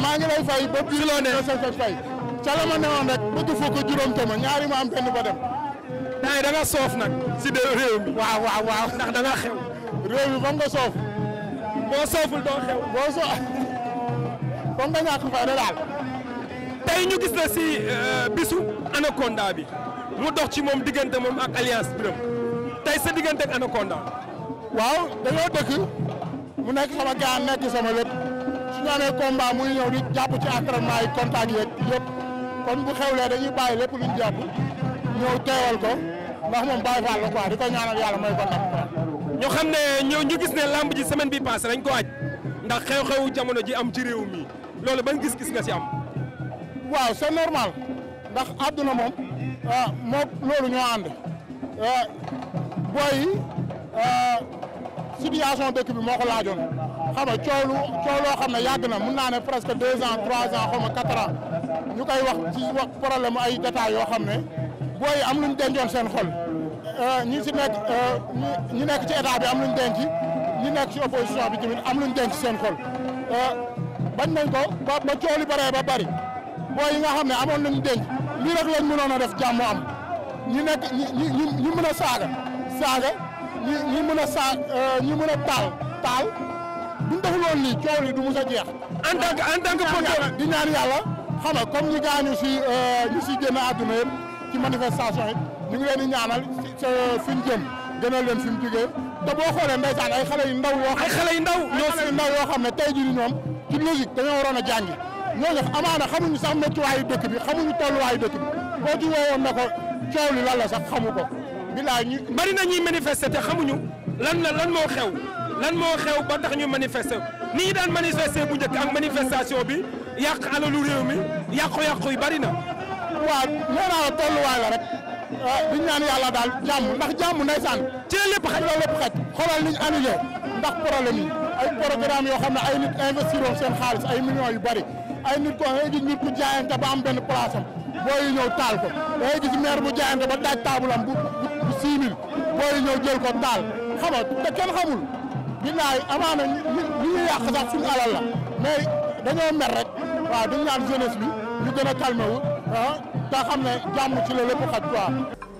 maa ngi lay fay ba biir loo ne sa fay ca la ma newoon rek bëgg fukk juróom tama ñaari ma am benn ba dem daay da nga soof nag si de réew mi waaw waaw waaw ndax da xew réew mi fam nga soof boo sooful doo xew boo soof fam nga ñàkk fay da daal tey ñu gis la si euh, bisu anaconda bi mu dox ci moom diggante moom ak alliance biram tey sa diggante ak anaconda waaw dañoo dëkk mu nekk sama gaa nekk sama lépp su ñu amee muy ñëw di jàpp ci entraînement yi contact yeeg yëpp kon bu xewlee dañuy bàyyi lépp luñ jàpp ñëw teewal ko ndax moom bàyyi faal la quoi di ko ñaanal yàlla mooy ko ndam ñu xam ne ñoo ñu gis ne lamb ji semaine bi passé dañ ko aj ndax xew-xewu jamono ji am ci réew mi loolu ban gis-gis nga si am. waaw c'est normal ndax àdduna moom ah, moom loolu ñoo ànd eh, booy eh, situation dëkk bi moo ko laajoon xam nga coow lu coow loo ne yàgg na mun naa ne presque deux ans trois ans xaw quatre ans ñu koy wax ci wax problème ay détails yoo xam ne booy am luñ dencoon seen xol euh, ñi si nekk euh, ñi nekk ci état bi am luñ denc ñi nekk ci opposition bi tamit am luñ denc seen xol euh, bañ nañ ko ba ba coow li bëree ba bëri booy yi nga xam ne amoon nañ denc li rek lañ mënoon a def jàmm am ñi nekk ñi ñi ñi mën a saaga. saaga ñi ñi a saa euh, ñi mën a taal taal bu ñu deful woon lii coow li du mus a jeex. en tant a en di ñaan yàlla xam nga comme ñi gaañu si euh, ñu si génn àdduna yëpp ci manifestation yi ñu ngi leen di ñaanal fi ñu jëm gënal leen fi mu jugee te boo xoolee ndeysaan ay yu ndaw yoo. ay xale yu ndaw ñoo xale yu ndaw yoo xam ne tey jii ñoom ci logique dañoo waroon a jàngi ñoo def amaana xamuñu sax méttiwaayu dëkk bi xamuñu tolluwaayu dëkk boo ci woowoon na ko coow li sax xamu ko. bilaay ñu bari na ñuy manifester te xamuñu lan la lan moo xew lan moo xew ba tax ñu manifester ni ñu daan manifester bu njëkk ak manifestation bi yàq alalu réew mi yàqu-yàqu yi bari na. waaw nee naa la tolluwaay la rek ah, di ñaan yàlla daal jàmm ndax jàmm ndeysaan ci la lépp xaj la lépp xaj xoolal ni ñu annulé ndax problème yi ay programme yoo xam ne ay nit investir woon seen xaalis ay millions yu bari ay nit ko ngay nit ku jaayante ba am benn place am. booy yu ñëw taal ko da ngay gis maire bu jaayante ba daaj taabulam bu bu six mille booy yu ñëw jël ko taal xam nga te kenn xamul ginnaaw yi sax suñu la mais dañoo mer rek waaw dañu naan jeunesse bi ñu gën a calmé wu ah te xam ne jàmm ci la lépp xaj quoi.